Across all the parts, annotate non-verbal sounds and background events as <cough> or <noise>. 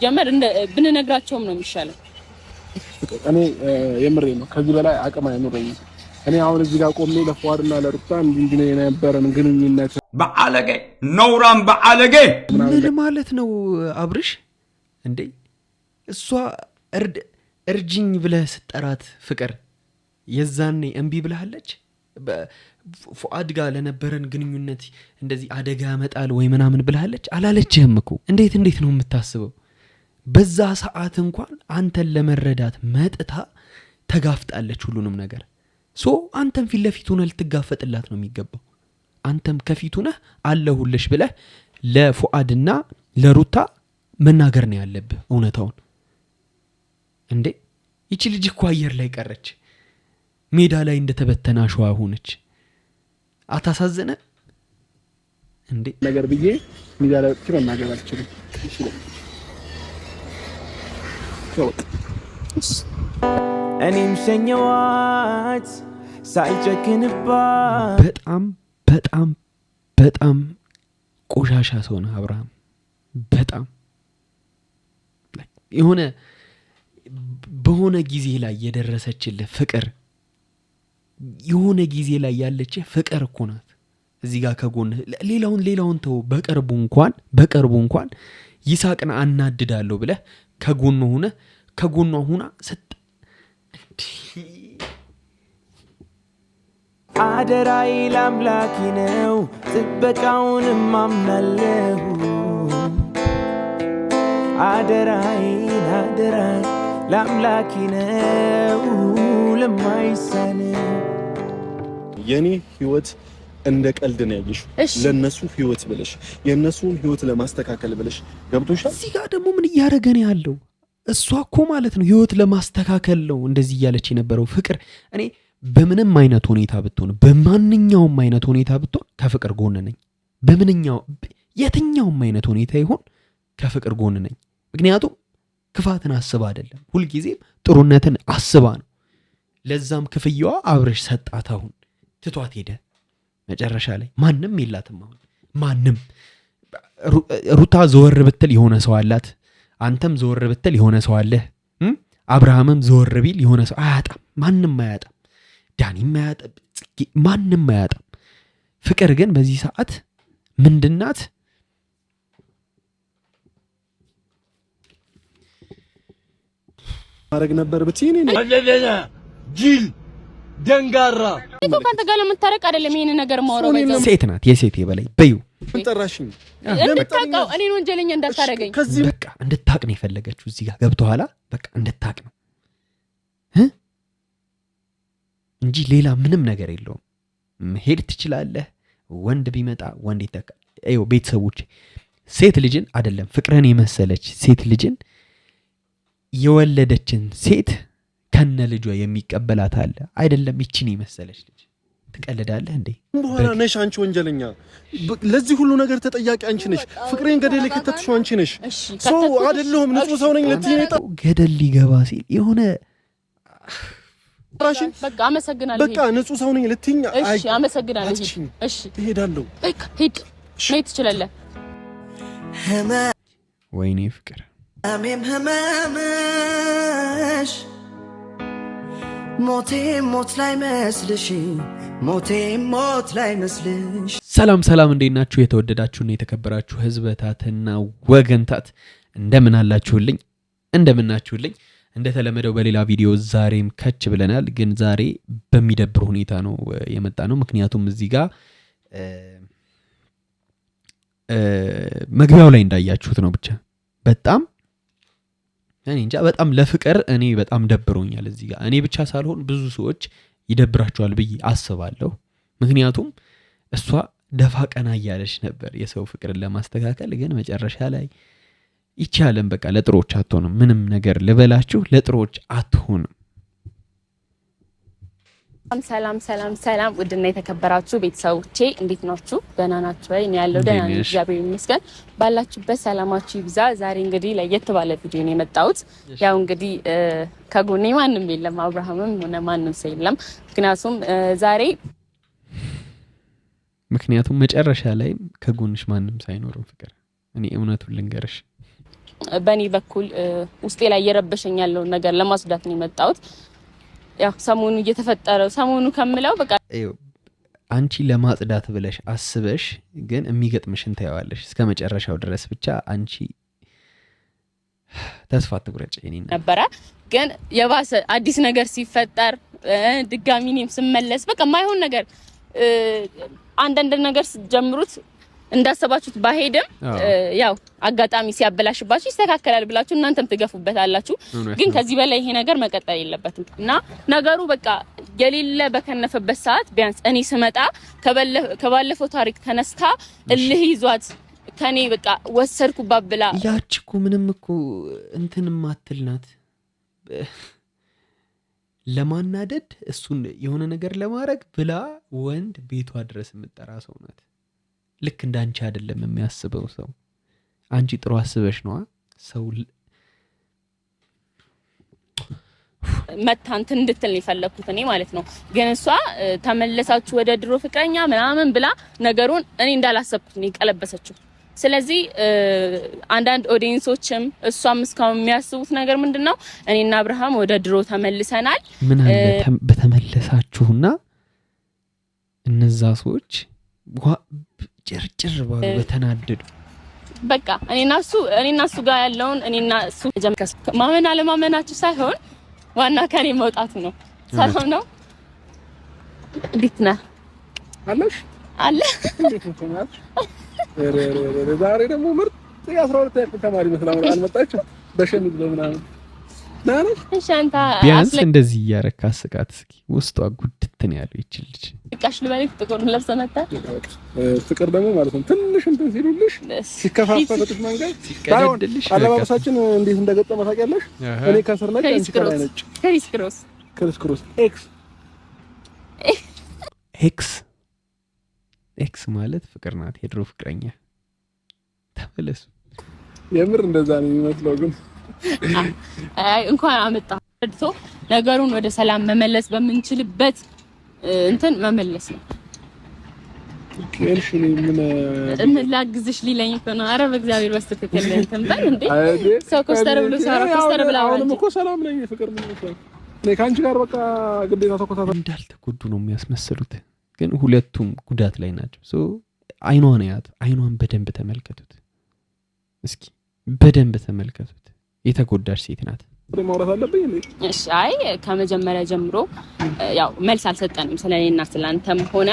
ሲጀመር ብንነግራቸውም ነው የሚሻለው። እኔ የምሬ ነው። ከዚህ በላይ አቅም አይኖረኝም። እኔ አሁን እዚህ ጋር ቆሜ ለፏድና ለሩታ እንዲህ የነበረን ግንኙነት በአለጌ ነውራም በአለጌ ምን ማለት ነው? አብርሽ እንዴ እሷ እርጅኝ ብለህ ስጠራት ፍቅር የዛኔ እምቢ ብለሃለች። ፉአድ ጋር ለነበረን ግንኙነት እንደዚህ አደጋ ያመጣል ወይ ምናምን ብለሃለች። አላለችህም እኮ እንዴት እንዴት ነው የምታስበው? በዛ ሰዓት እንኳን አንተን ለመረዳት መጥታ ተጋፍጣለች ሁሉንም ነገር። ሶ አንተም ፊት ለፊት ሆነ ልትጋፈጥላት ነው የሚገባው። አንተም ከፊት ሆነህ አለሁልሽ ብለህ ለፉአድና ለሩታ መናገር ነው ያለብህ እውነታውን። እንዴ ይቺ ልጅ እኮ አየር ላይ ቀረች፣ ሜዳ ላይ እንደተበተነ አሸዋ ሆነች። አታሳዝነ እንዴ ነገር ብዬ ሜዳ ላይ መናገር አልችልም። እኔም ሸኘዋት ሳልጨክንባት። በጣም በጣም በጣም ቆሻሻ ሰው ነህ አብርሃም። በጣም የሆነ በሆነ ጊዜ ላይ የደረሰችልህ ፍቅር የሆነ ጊዜ ላይ ያለች ፍቅር እኮ ናት። እዚህ ጋር ከጎንህ ሌላውን ሌላውን ተው። በቅርቡ እንኳን በቅርቡ እንኳን ይሳቅን አናድዳለሁ ብለህ ከጎኗ ሆነ ከጎኗ ሆና ሰጥ አደራይ ለአምላኪ ነው፣ ጥበቃውን ማምናለሁ አደራይ አደራይ ለአምላኪ ነው ለማይሳነው የኔ ህይወት እንደ ቀልድ ነው ያየሽው። ለነሱ ህይወት ብለሽ የነሱን ህይወት ለማስተካከል ብለሽ ገብቶሻል። እዚህ ጋር ደግሞ ምን እያደረገ ነው ያለው? እሷ እኮ ማለት ነው ህይወት ለማስተካከል ነው እንደዚህ እያለች የነበረው ፍቅር። እኔ በምንም አይነት ሁኔታ ብትሆን፣ በማንኛውም አይነት ሁኔታ ብትሆን ከፍቅር ጎን ነኝ። በምንኛው የትኛውም አይነት ሁኔታ ይሆን ከፍቅር ጎን ነኝ። ምክንያቱም ክፋትን አስባ አይደለም፣ ሁልጊዜም ጥሩነትን አስባ ነው። ለዛም ክፍያዋ አብረሽ ሰጣት። አሁን ትቷት ሄደ። መጨረሻ ላይ ማንም የላትም። አሁን ማንም ሩታ ዘወር ብትል የሆነ ሰው አላት። አንተም ዘወር ብትል የሆነ ሰው አለህ። አብርሃምም ዘወር ቢል የሆነ ሰው አያጣም። ማንም አያጣም። ዳኒም አያጣም። ማንም አያጣም። ፍቅር ግን በዚህ ሰዓት ምንድናት? ማድረግ ነበር ብትይ ጅል ደንጋራ እኮ ካንተ ጋር ለምታረቅ አይደለም። ይሄን ነገር ማውራው ሴት ናት፣ የሴት የበላይ በዩ እንጠራሽኝ እንድታውቀው እኔን ወንጀለኛ እንዳታረገኝ በቃ እንድታቅ ነው የፈለገችው። እዚህ ጋር ገብቶ ኋላ በቃ እንድታቅ ነው እንጂ ሌላ ምንም ነገር የለውም። መሄድ ትችላለህ። ወንድ ቢመጣ ወንድ ይተካል። ይኸው ቤተሰቦች ሴት ልጅን አይደለም ፍቅርን የመሰለች ሴት ልጅን የወለደችን ሴት ከነ ልጇ የሚቀበላት አለ አይደለም? ይችን የመሰለች ልጅ ትቀልዳለህ እንዴ? በኋላ ነሽ አንቺ ወንጀለኛ። ለዚህ ሁሉ ነገር ተጠያቂ አንቺ ነሽ። ፍቅሬን ገደል የከተትሽው አንቺ ነሽ። ሰው አይደለሁም ንጹሕ ሰው ነኝ። ገደል ሊገባ ሲል የሆነ በቃ አመሰግናለሁ። ሰው ነኝ ልትይኝ። እሺ አመሰግናለሁ። እሺ እሄዳለሁ። በቃ ሂድ፣ መሄድ ትችላለህ። ወይኔ ፍቅር ሞቴ ሞት ላይ መስልሽ ሞቴ ሞት ላይ መስልሽ። ሰላም ሰላም፣ እንዴት ናችሁ? የተወደዳችሁና የተከበራችሁ ህዝበታትና ወገንታት እንደምን አላችሁልኝ? እንደምናችሁልኝ? እንደተለመደው በሌላ ቪዲዮ ዛሬም ከች ብለናል። ግን ዛሬ በሚደብር ሁኔታ ነው የመጣ ነው። ምክንያቱም እዚህ ጋር መግቢያው ላይ እንዳያችሁት ነው ብቻ በጣም እኔ እንጃ በጣም ለፍቅር እኔ በጣም ደብሮኛል። እዚህ ጋር እኔ ብቻ ሳልሆን ብዙ ሰዎች ይደብራቸዋል ብዬ አስባለሁ። ምክንያቱም እሷ ደፋ ቀና እያለች ነበር የሰው ፍቅርን ለማስተካከል፣ ግን መጨረሻ ላይ ይቻለን በቃ ለጥሮች አትሆንም። ምንም ነገር ልበላችሁ፣ ለጥሮች አትሆንም። ሰላም ሰላም ሰላም፣ ውድና የተከበራችሁ ቤተሰቦቼ እንዴት ናችሁ? ደህና ናችሁ ወይ? እኔ ያለው ደህና ነኝ፣ እግዚአብሔር ይመስገን። ባላችሁበት ሰላማችሁ ይብዛ። ዛሬ እንግዲህ ለየት ባለ ቪዲዮ ነው የመጣሁት። ያው እንግዲህ ከጎኔ ማንም የለም፣ አብርሃምም ሆነ ማንም ሰው የለም። ምክንያቱም ዛሬ ምክንያቱም መጨረሻ ላይ ከጎንሽ ማንም ሳይኖርም ፍቅር፣ እኔ እውነቱን ልንገርሽ በእኔ በኩል ውስጤ ላይ እየረበሸኝ ያለውን ነገር ለማስወዳት ነው የመጣሁት ያው ሰሞኑ እየተፈጠረው ሰሞኑ ከምለው በቃ አንቺ ለማጽዳት ብለሽ አስበሽ ግን የሚገጥምሽን ታየዋለሽ እስከ መጨረሻው ድረስ ብቻ አንቺ ተስፋ አትቁረጭ ነበረ። ግን የባሰ አዲስ ነገር ሲፈጠር ድጋሚ እኔም ስመለስ በቃ ማይሆን ነገር አንዳንድ ነገር ጀምሩት እንዳሰባችሁት ባሄድም ያው አጋጣሚ ሲያበላሽባችሁ ይስተካከላል ብላችሁ እናንተም ትገፉበታላችሁ። ግን ከዚህ በላይ ይሄ ነገር መቀጠል የለበትም እና ነገሩ በቃ የሌለ በከነፈበት ሰዓት ቢያንስ እኔ ስመጣ ከባለፈው ታሪክ ተነስታ እልህ ይዟት ከኔ በቃ ወሰድኩባት ብላ ያች እኮ ምንም እኮ እንትን ማትልናት ለማናደድ እሱን የሆነ ነገር ለማድረግ ብላ ወንድ ቤቷ ድረስ የምጠራ ሰው ናት። ልክ እንደ አንቺ አይደለም የሚያስበው ሰው። አንቺ ጥሩ አስበሽ ነዋ ሰው መታንት እንድትል የፈለግኩት እኔ ማለት ነው። ግን እሷ ተመለሳችሁ ወደ ድሮ ፍቅረኛ ምናምን ብላ ነገሩን እኔ እንዳላሰብኩት ነው የቀለበሰችው። ስለዚህ አንዳንድ ኦዲየንሶችም እሷም እስካሁን የሚያስቡት ነገር ምንድን ነው? እኔና አብርሃም ወደ ድሮ ተመልሰናል። ምን አለ በተመለሳችሁና እነዛ ሰዎች ጭርጭር ባሉ በተናደዱ በቃ እኔና እሱ እኔና እሱ ጋር ያለውን እኔና እሱ ማመን አለማመናችሁ ሳይሆን ዋና ከኔ መውጣቱ ነው። ሰላም ነው። እንዴት ነህ? አለሽ አለ ዛሬ ደግሞ ምርጥ የአስራ ሁለት ተማሪ መስላ አልመጣችም በሸሚዝ በምናምን ቢያንስ እንደዚህ እያረካ ስቃት እስኪ ውስጧ ጉድት ነው ያለው። ይችል ልጅ ቃሽ ልበልክ ጥቁር ለብሰ መጣ። ፍቅር ደግሞ ማለት ነው ትንሽ እንትን ሲሉልሽ ሲከፋፈጥሽ መንገድ ሲቀደድልሽ አለባበሳችን እንዴት እንደገጠመ ታውቂያለሽ። እኔ ከስር ነጭ አንቺ ከላይ ነጭ ክሪስ ክሮስ ክሪስ ክሮስ ኤክስ ኤክስ ኤክስ ማለት ፍቅር ናት። የድሮ ፍቅረኛ ተመለሱ። የምር እንደዛ ነው የሚመስለው ግን እንኳን አመጣ ረድቶ ነገሩን ወደ ሰላም መመለስ በምንችልበት እንትን መመለስ ነው። ላግዝሽ ሊለኝ እኮ ነው። ኧረ በእግዚአብሔር በስትክክል እንትን በል ሰው ኮስተር ብሎ ሰራ ኮስተር ብላ አሁንም እኮ ሰላም ነኝ። ፍቅር ምን ከአንቺ ጋር በቃ ግዴታ ተኮታታ እንዳልተጎዱ ነው የሚያስመስሉት፣ ግን ሁለቱም ጉዳት ላይ ናቸው። ሶ አይኗን ያት አይኗን በደንብ ተመልከቱት እስኪ በደንብ ተመልከቱት። የተጎዳች ሴት ናት። ማውራት አለብኝ። አይ ከመጀመሪያ ጀምሮ ያው መልስ አልሰጠንም ስለ እኔና ስለ ሆነ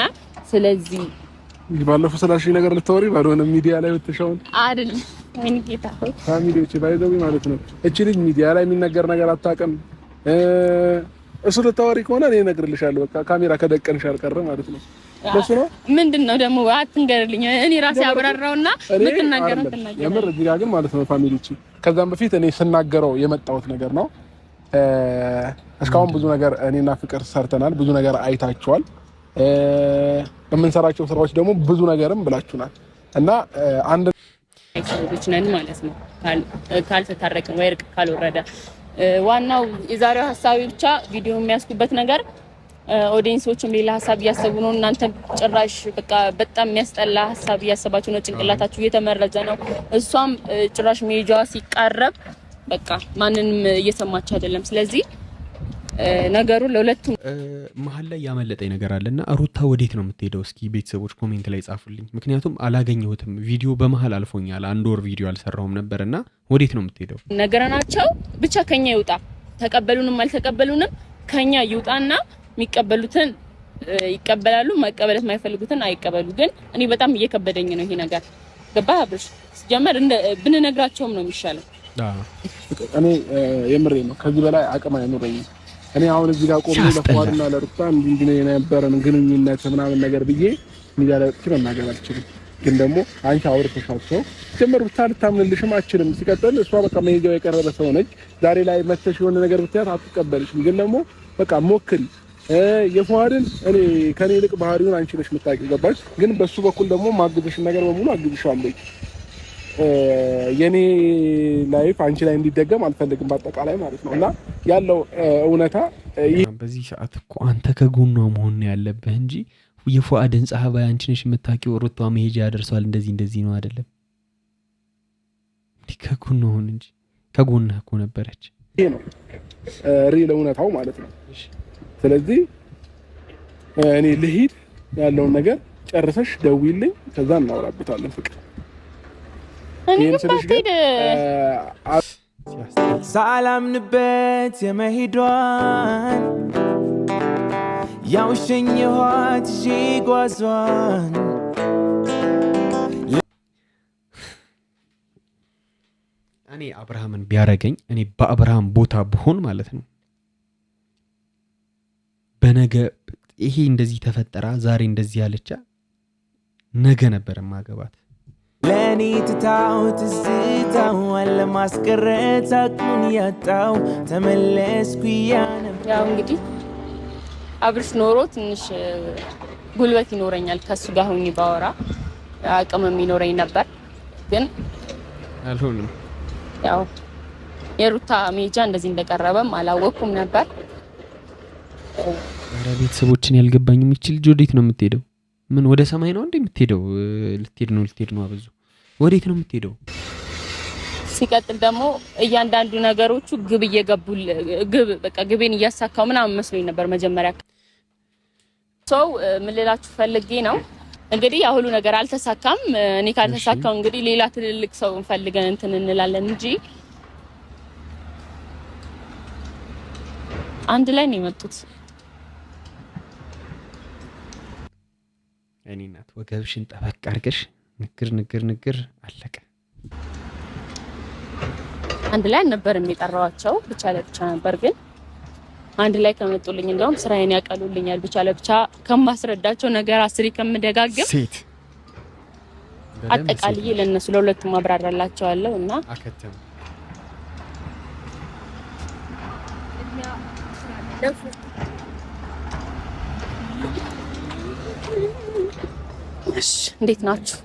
ስለዚህ ባለፈው ስላልሽ ነገር ልታወሪ ባልሆነ ሚዲያ ላይ ብትሻውን አይደል? ምን ጌታ ፋሚሊዎቼ ባይዘው ማለት ነው። እቺ ልጅ ሚዲያ ላይ የሚነገር ነገር አታውቅም። እሱ ልታወሪ ከሆነ እኔ እነግርልሻለሁ። በቃ ካሜራ ከደቀንሽ አልቀረ ማለት ነው። ለሱ ነው ምንድን ነው ደግሞ አትንገርልኝ። እኔ ራሴ አብራራውና ምትናገረው ትናገረው። የምር እዚህ ጋር ግን ማለት ነው ፋሚሊዎቼ፣ ከዛም በፊት እኔ ስናገረው የመጣሁት ነገር ነው። እስካሁን ብዙ ነገር እኔና ፍቅር ሰርተናል። ብዙ ነገር አይታችኋል። የምንሰራቸው ስራዎች ደግሞ ብዙ ነገርም ብላችሁናል እና አንድ ሰዎች ነን ማለት ነው ካልተታረቅን ወይ እርቅ ካልወረደ ዋናው የዛሬው ሀሳቢ ብቻ ቪዲዮ የሚያስኩበት ነገር ኦዲየንሶችም ሌላ ሀሳብ እያሰቡ ነው። እናንተ ጭራሽ በቃ በጣም የሚያስጠላ ሀሳብ እያሰባችሁ ነው። ጭንቅላታችሁ እየተመረዘ ነው። እሷም ጭራሽ ሜጃዋ ሲቃረብ በቃ ማንንም እየሰማች አይደለም። ስለዚህ ነገሩን ለሁለቱም መሀል ላይ ያመለጠኝ ነገር አለና ሩታ ወዴት ነው የምትሄደው? እስኪ ቤተሰቦች ኮሜንት ላይ ጻፉልኝ። ምክንያቱም አላገኘሁትም፣ ቪዲዮ በመሀል አልፎኛል። አንድ ወር ቪዲዮ አልሰራሁም ነበር እና ወዴት ነው የምትሄደው? ነገረናቸው። ብቻ ከኛ ይውጣ፣ ተቀበሉንም አልተቀበሉንም ከኛ ይውጣና የሚቀበሉትን ይቀበላሉ፣ መቀበለት የማይፈልጉትን አይቀበሉ። ግን እኔ በጣም እየከበደኝ ነው ይሄ ነገር። ገባ ብርሽ ሲጀመር ብንነግራቸውም ነው የሚሻለው። እኔ የምሬ ነው። ከዚህ በላይ አቅም አይኖረኝም እኔ አሁን እዚህ ጋር ቆሜ ለፏድና ለሩታ እንዲህ እንዲህ የነበረን ግንኙነት ምናምን ነገር ብዬ ሚዲያ ላይ መናገር አልችልም። ግን ደግሞ አንቺ አውርተሻቸው ጀመር ብታ ልታምንልሽም አችልም። ሲቀጥል እሷ በቃ መሄጃው የቀረበ ሰው ነች። ዛሬ ላይ መተሽ የሆነ ነገር ብታያት አትቀበልሽም። ግን ደግሞ በቃ ሞክሪ የፏድን እኔ ከኔ ይልቅ ባህሪውን አንቺ ነሽ የምታውቂው ገባሽ። ግን በሱ በኩል ደግሞ ማግዝሽን ነገር በሙሉ አግዝሻለሁ የኔ ላይፍ አንቺ ላይ እንዲደገም አልፈልግም፣ በአጠቃላይ ማለት ነው እና ያለው እውነታ በዚህ ሰዓት እኮ አንተ ከጎኗ መሆን ያለብህ እንጂ የፉአድን ጸሐባይ አንቺ ነሽ የምታውቂው። ሩቷ መሄጃ ያደርሰዋል እንደዚህ እንደዚህ ነው አይደለም። ከጎኗ ሆን እንጂ ከጎንህ እኮ ነበረች። ይሄ ነው ሪል እውነታው ማለት ነው። ስለዚህ እኔ ልሂድ፣ ያለውን ነገር ጨርሰሽ ደውይልኝ፣ ከዛ እናወራበታለን ፍቅር ሳላምንበት የመሄዷን ያውሸኝ የኋት ይዤ ጓዟን እኔ አብርሃምን ቢያረገኝ እኔ በአብርሃም ቦታ ብሆን ማለት ነው በነገ ይሄ እንደዚህ ተፈጠራ ዛሬ እንደዚህ ያለቻ ነገ ነበር ማገባት ለእኔ ትታው ትዝታው አለማስቀረት አቅሙን ያጣው ተመለስኩ ያነባ እንግዲህ አብርሽ ኖሮ ትንሽ ጉልበት ይኖረኛል ከሱ ጋር ሁኝ ባወራ አቅምም ይኖረኝ ነበር፣ ግን አልሆንም። ያው የሩታ ሜጃ እንደዚህ እንደቀረበም አላወቅኩም ነበር። ኧረ ቤተሰቦችን ያልገባኝም ይችል ልጅ ነው የምትሄደው? ምን ወደ ሰማይ ነው እንዴ የምትሄደው? ልትሄድ ነው ልትሄድ ነው አብዙ። ወዴት ነው የምትሄደው? ሲቀጥል ደግሞ እያንዳንዱ ነገሮቹ ግብ እየገቡ ግብ በቃ ግቤን እያሳካው ምናምን መስሎኝ ነበር መጀመሪያ። ሰው ምን ልላችሁ ፈልጌ ነው እንግዲህ ያ ሁሉ ነገር አልተሳካም። እኔ ካልተሳካው እንግዲህ ሌላ ትልልቅ ሰው እንፈልገን እንትን እንላለን እንጂ አንድ ላይ ነው የመጡት። እኔ እናት ወገብሽን ጠበቅ አርገሽ ንግር ንግር ንግር አለቀ። አንድ ላይ ነበር የሚጠራዋቸው ብቻ ለብቻ ነበር። ግን አንድ ላይ ከመጡልኝ እንደውም ስራዬን ያቀሉልኛል። ብቻ ለብቻ ከማስረዳቸው ነገር አስሬ ከምደጋግም ሴት አጠቃልዬ ለእነሱ ለሁለቱም አብራራላቸዋለሁ እና አከተም እሺ፣ እንዴት ናችሁ?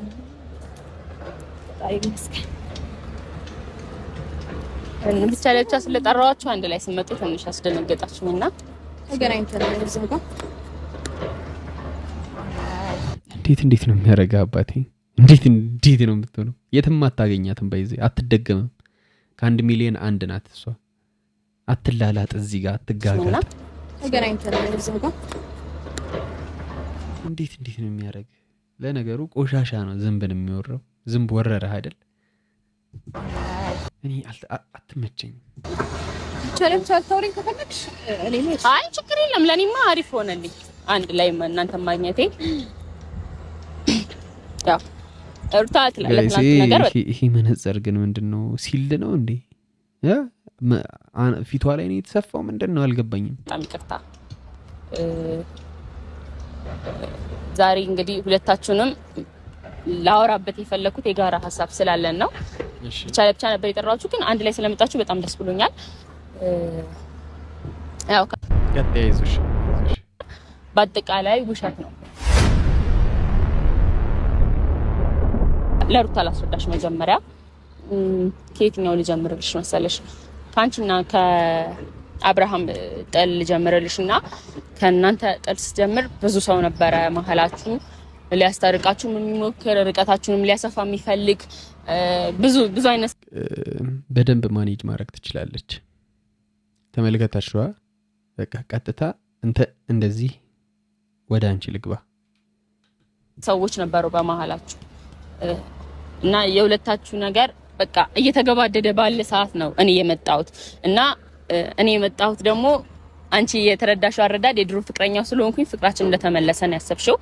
ይመስገን ብቻ ለብቻ ስለጠራኋችሁ አንድ ላይ ስመጡ ትንሽ አስደነገጣችሁ እና እንዴት እንዴት ነው የሚያደርገው አባቴ? እንዴት እንዴት ነው የምትሆነው? የትም አታገኛትም። በይዜ አትደገምም። ከአንድ ሚሊዮን አንድ ናት እሷ። አትላላጥ፣ እዚህ ጋር አትጋጋጥ። ተገናኝተን እዚያ ጋር እንዴት እንዴት ነው የሚያደርገው ለነገሩ ቆሻሻ ነው ዝንብን የሚወረው። ዝንብ ወረረህ አይደል? እኔ አትመቸኝም። አይ ችግር የለም ለእኔማ አሪፍ ሆነልኝ። አንድ ላይ እናንተ ማግኘቴ ያው እርታ ይሄ መነጽር ግን ምንድን ነው ሲል ነው እንዴ ፊቷ ላይ ነው የተሰፋው? ምንድን ነው አልገባኝም። በጣም ይቅርታ ዛሬ እንግዲህ ሁለታችሁንም ላወራበት የፈለኩት የጋራ ሀሳብ ስላለን ነው። ብቻ ለብቻ ነበር የጠራችሁ፣ ግን አንድ ላይ ስለመጣችሁ በጣም ደስ ብሎኛል። ያው በአጠቃላይ ውሸት ነው። ለሩታ ላስረዳሽ። መጀመሪያ ከየትኛው ልጀምርልሽ መሰለሽ ከአንቺና አብርሃም ጠል ጀምርልሽ እና ከእናንተ ጠል ስጀምር ብዙ ሰው ነበረ መሀላችሁ ሊያስታርቃችሁም የሚሞክር ርቀታችሁንም ሊያሰፋ የሚፈልግ ብዙ ብዙ አይነት በደንብ ማኔጅ ማድረግ ትችላለች። ተመልከታችኋ። በቃ ቀጥታ እንተ እንደዚህ ወደ አንቺ ልግባ ሰዎች ነበሩ በመሀላችሁ እና የሁለታችሁ ነገር በቃ እየተገባደደ ባለ ሰዓት ነው እኔ የመጣሁት እና እኔ የመጣሁት ደግሞ አንቺ የተረዳሽው አረዳድ የድሮ ፍቅረኛው ስለሆንኩኝ ፍቅራችን እንደተመለሰ ነው ያሰብሽው።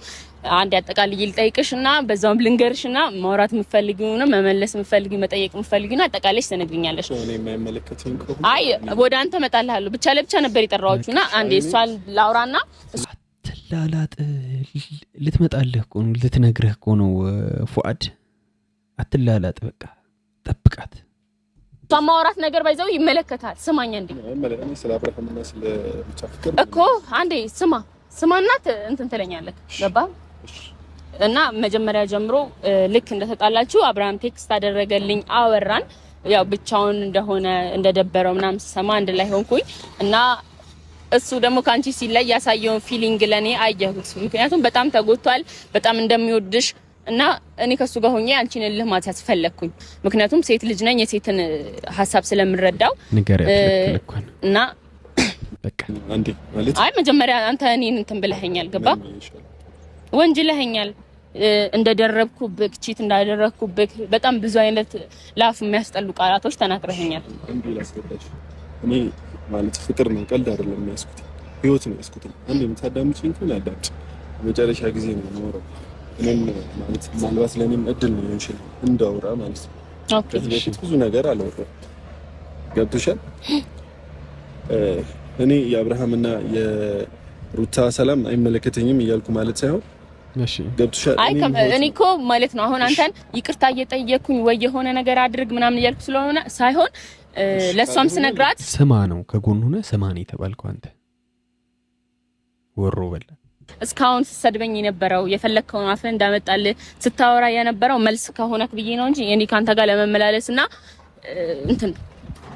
አንድ ያጠቃልዬ ልጠይቅሽ እና በዛውም ልንገርሽ እና ማውራት የምትፈልጊው ነው መመለስ የምትፈልጊው መጠየቅ የምትፈልጊው ነው አጠቃላይ ትነግሪኛለሽ። አይ ወደ አንተ እመጣልሃለሁ። ብቻ ለብቻ ነበር የጠራኋችሁ እና አንዴ እሷን ላውራና አትላላጥ። ልትመጣልህ እኮ ነው ልትነግርህ እኮ ነው ፉአድ። አትላላጥ፣ በቃ ጠብቃት። እሷ ማውራት ነገር ባይዘው ይመለከታል። ስማኝ እንዴ እኮ አንዴ ስማ ስማናት እንትን ትለኛለህ ገባ እና መጀመሪያ ጀምሮ ልክ እንደተጣላችሁ አብርሃም ቴክስት አደረገልኝ፣ አወራን። ያው ብቻውን እንደሆነ እንደደበረው ምናምን ስሰማ አንድ ላይ ሆንኩኝ እና እሱ ደግሞ ከአንቺ ሲለይ ያሳየውን ፊሊንግ ለኔ አየሁት። ምክንያቱም በጣም ተጎድቷል፣ በጣም እንደሚወድሽ እና እኔ ከሱ ጋር ሆኜ አንቺን እልህ ማትያት ፈለግኩኝ። ምክንያቱም ሴት ልጅ ነኝ፣ የሴትን ሀሳብ ስለምረዳው እና አይ መጀመሪያ አንተ እኔን እንትን ብለኸኛል፣ ገባ ወንጅለኸኛል፣ እንደደረብኩብክ ቺት እንዳደረግኩ እንዳደረግኩብክ በጣም ብዙ አይነት ላፍ የሚያስጠሉ ቃላቶች ተናግረኸኛል። እኔ ማለት ፍቅር ነው፣ ቀልድ አይደለም። የሚያስኩት ህይወት ነው ያስኩት። አንድ የምታዳምጪኝ ከሆነ አዳምጪ። መጨረሻ ጊዜ ነው የምኖረው እኔም ማለት ምናልባት ለእኔም እድል ነው ይችል እንዳውራ ማለት ነው። ከዚህ በፊት ብዙ ነገር አላወራም። ገብቶሻል። እኔ የአብርሃምና የሩታ ሰላም አይመለከተኝም እያልኩ ማለት ሳይሆን ገብቶሻል። እኔ እኮ ማለት ነው አሁን አንተን ይቅርታ እየጠየኩኝ ወይ የሆነ ነገር አድርግ ምናምን እያልኩ ስለሆነ ሳይሆን ለእሷም ስነግራት ስማ ነው ከጎን ሆነ ስማ ነው የተባልከው አንተ ወሮ በላ እስካሁን ስትሰድበኝ የነበረው የፈለግከውን አፍ እንዳመጣል ስታወራ የነበረው መልስ ከሆነክ ብዬ ነው እንጂ እኔ ካንተ ጋር ለመመላለስ እና እንትን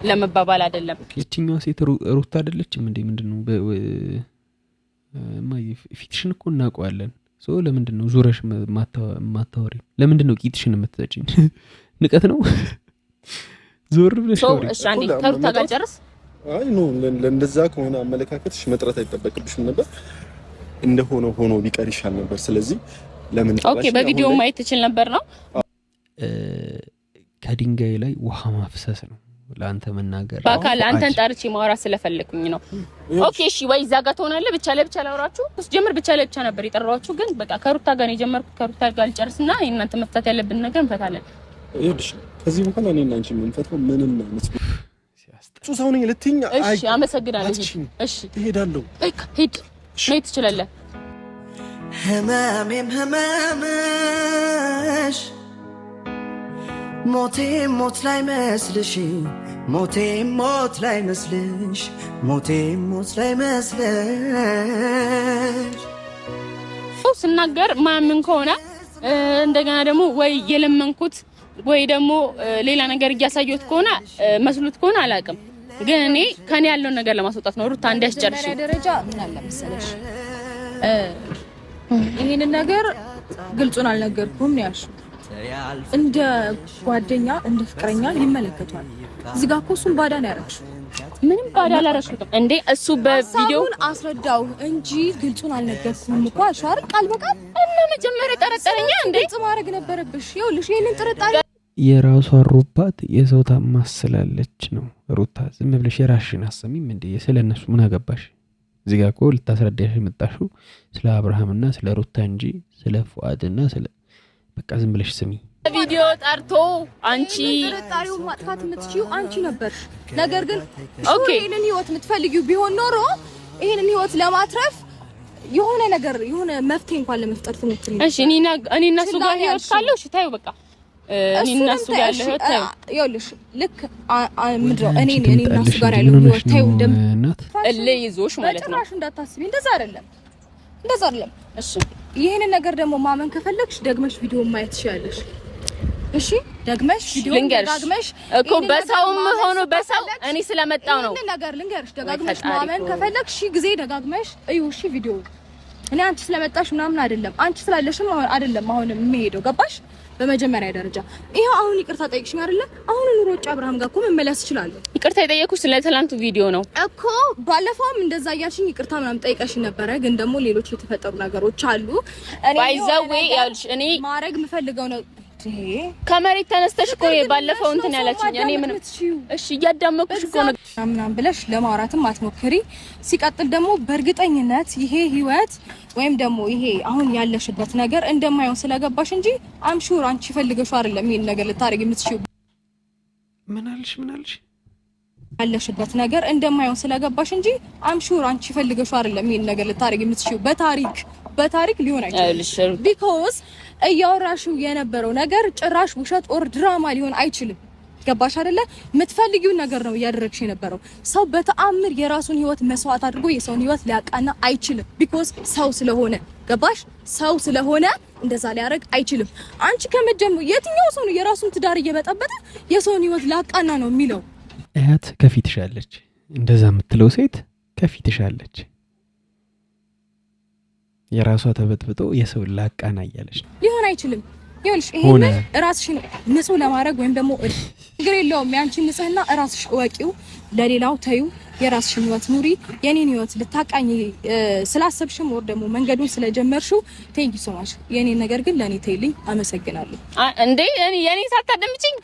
ለመባባል አይደለም። ይችኛዋ ሴት ሩት አይደለችም እንዴ? ምንድን ነው ፊትሽን እኮ እናውቀዋለን። ለምንድን ነው ዙረሽ ማታወሪ? ለምንድን ነው ቂትሽን የምትሰጪኝ? <laughs> ንቀት ነው። <laughs> ዞር ብለሽ ከሩታ ጋር ጨርስ። ለእንደዛ ከሆነ አመለካከትሽ መጥረት አይጠበቅብሽም ነበር እንደሆነ ሆኖ ቢቀር ይሻል ነበር። ስለዚህ ለምን ኦኬ፣ በቪዲዮ ማየት ትችል ነበር ነው። ከድንጋይ ላይ ውሃ ማፍሰስ ነው ለአንተ መናገር በአካል አንተን ጠርቼ ማውራት ስለፈለኩኝ ነው። ኦኬ እሺ፣ ወይ እዛ ጋር ትሆናለህ። ብቻ ለብቻ ላውራችሁ ስጀምር ብቻ ለብቻ ነበር የጠራኋችሁ፣ ግን በቃ ከሩታ ጋር ነው የጀመርኩት። ከሩታ ጋር ልጨርስና እናንተ መፍታት ያለብን ነገር እንፈታለን። ይኸውልሽ ከዚህ በኋላ እኔ እና አንቺ የምንፈታው ምንም አይነት ሰው ነኝ ልትይኝ። እሺ፣ አመሰግናለሁ። እሺ፣ እሄዳለሁ። በቃ ሂድ ነው ትችላለህ። ህመሜም ህመምሽ ሞቴም ሞት ላይ መስልሽ ሞቴም ሞት ላይ መስልሽ ሞቴም ሞት ላይ መስልሽ ስናገር ማምን ከሆነ እንደገና ደግሞ ወይ የለመንኩት ወይ ደግሞ ሌላ ነገር እያሳየሁት ከሆነ መስሉት ከሆነ አላውቅም ግን እኔ ከኔ ያለውን ነገር ለማስወጣት ነው ሩታ እንዲያስጨርሽ ደረጃ ምን አለ መሰለሽ ይሄንን ነገር ግልጹን አልነገርኩም ነው እንደ ጓደኛ እንደ ፍቅረኛ ይመለከቷል እዚህ ጋር እኮ እሱን ባዳ ነው ያደረግሽው ምንም ባዳ አላደረግሽም እንዴ እሱ በቪዲዮ አስረዳው እንጂ ግልጹን አልነገርኩም እኮ አልሻር ቃል በቃል እና መጀመሪያ ጠረጠረኛ እንዴ ግልጽ ማድረግ ነበረብሽ ይኸውልሽ ይሄንን ጥርጣሬ የራሷ ሩባት የሰው ታማስላለች ነው። ሩታ ዝም ብለሽ የራሽን አሰሚም እንዲ ስለ እነሱ ምን አገባሽ? እዚህ ጋ እኮ ልታስረዳሽ የመጣሽው ስለ አብርሃምና ስለ ሩታ እንጂ ስለ ፉአድና ስለ በቃ ዝም ብለሽ ስሚ። ቪዲዮ ጠርቶ አንቺ ጥርጣሬውን ማጥፋት የምትችይው አንቺ ነበር። ነገር ግን ኦኬ ይሄንን ህይወት የምትፈልጊው ቢሆን ኖሮ ይህንን ህይወት ለማትረፍ የሆነ ነገር የሆነ መፍትሄ እንኳን ለመፍጠር ትሞክሪ። እሺ እኔና እኔና እሱ ጋር ህይወት ካለው እሺ ታዩ በቃ እነሱ ነገር ደግሞ ማመን ከፈለግሽ ደግመሽ ቪዲዮ ማየት ትችያለሽ። እሺ፣ ደግመሽ ቪዲዮ ደግመሽ እኮ በሰውም ሆኖ በሰው እኔ ስለመጣው ነው ነገር ልንገርሽ። ማመን ከፈለግሽ ጊዜ ደጋግመሽ እዩ። እሺ፣ ቪዲዮ እኔ አንቺ ስለመጣሽ ምናምን አይደለም፣ አንቺ ስላለሽም አይደለም። አሁንም የሚሄደው ገባሽ በመጀመሪያ ደረጃ ይሄው አሁን ይቅርታ ጠይቅሽኝ አይደለ? አሁን ኑሮ ውጭ አብርሃም ጋር እኮ መመለስ ይችላል። ይቅርታ የጠየኩሽ ስለ ትላንቱ ቪዲዮ ነው እኮ። ባለፈውም እንደዛ እያልሽኝ ይቅርታ ምናምን ጠይቀሽ ነበረ፣ ግን ደግሞ ሌሎች የተፈጠሩ ነገሮች አሉ። እኔ ባይዘዌ ያልሽ እኔ ማረግ የምፈልገው ነው ከመሬት ተነስተሽ እኮ ባለፈው እንትን ያለችኝ እኔ ምንም እሺ፣ እያዳመኩሽ እኮ ነው ምናምን ብለሽ ለማውራትም አትሞክሪ። ሲቀጥል ደግሞ በእርግጠኝነት ይሄ ህይወት ወይም ደግሞ ይሄ አሁን ያለሽበት ነገር እንደማይሆን ስለገባሽ እንጂ ሹር አንቺ ፈልገሽው አይደለም ይሄን ነገር ልታደርግ የምትችይው። ምን አልሽ? ምን አልሽ? ያለሽበት ነገር እንደማይሆን ስለገባሽ እንጂ ሹር አንቺ ፈልገሽው አይደለም ይሄን ነገር ልታደርግ የምትችይው በታሪክ በታሪክ ሊሆን አይችልም። ቢኮዝ እያወራሽው የነበረው ነገር ጭራሽ ውሸት ኦር ድራማ ሊሆን አይችልም። ገባሽ አይደለ? የምትፈልጊውን ነገር ነው እያደረግሽ የነበረው። ሰው በተአምር የራሱን ህይወት መስዋዕት አድርጎ የሰውን ህይወት ሊያቃና አይችልም። ቢኮዝ ሰው ስለሆነ ገባሽ? ሰው ስለሆነ እንደዛ ሊያደርግ አይችልም። አንቺ ከመጀመሩ የትኛው ሰው ነው የራሱን ትዳር እየበጠበጠ የሰውን ህይወት ሊያቃና ነው የሚለው? እህት ከፊትሽ አለች፣ እንደዛ የምትለው ሴት ከፊትሽ አለች። የራሷ ተበጥብጦ የሰው ላቃና እያለች ነው። ሊሆን አይችልም። ይኸውልሽ ይሄንን ራስሽን ንጹህ ለማድረግ ወይም ደግሞ ችግር የለውም ያንቺን ንጽህና ራስሽ እወቂው፣ ለሌላው ተዩ፣ የራስሽን ህይወት ኑሪ። የኔን ህይወት ልታቃኝ ስላሰብሽም ወር ደግሞ መንገዱን ስለጀመርሽው ቴንኪ ሶ ማች። የኔን ነገር ግን ለእኔ ተይልኝ። አመሰግናለሁ። እንዴ የኔ ሳታደምጭኝ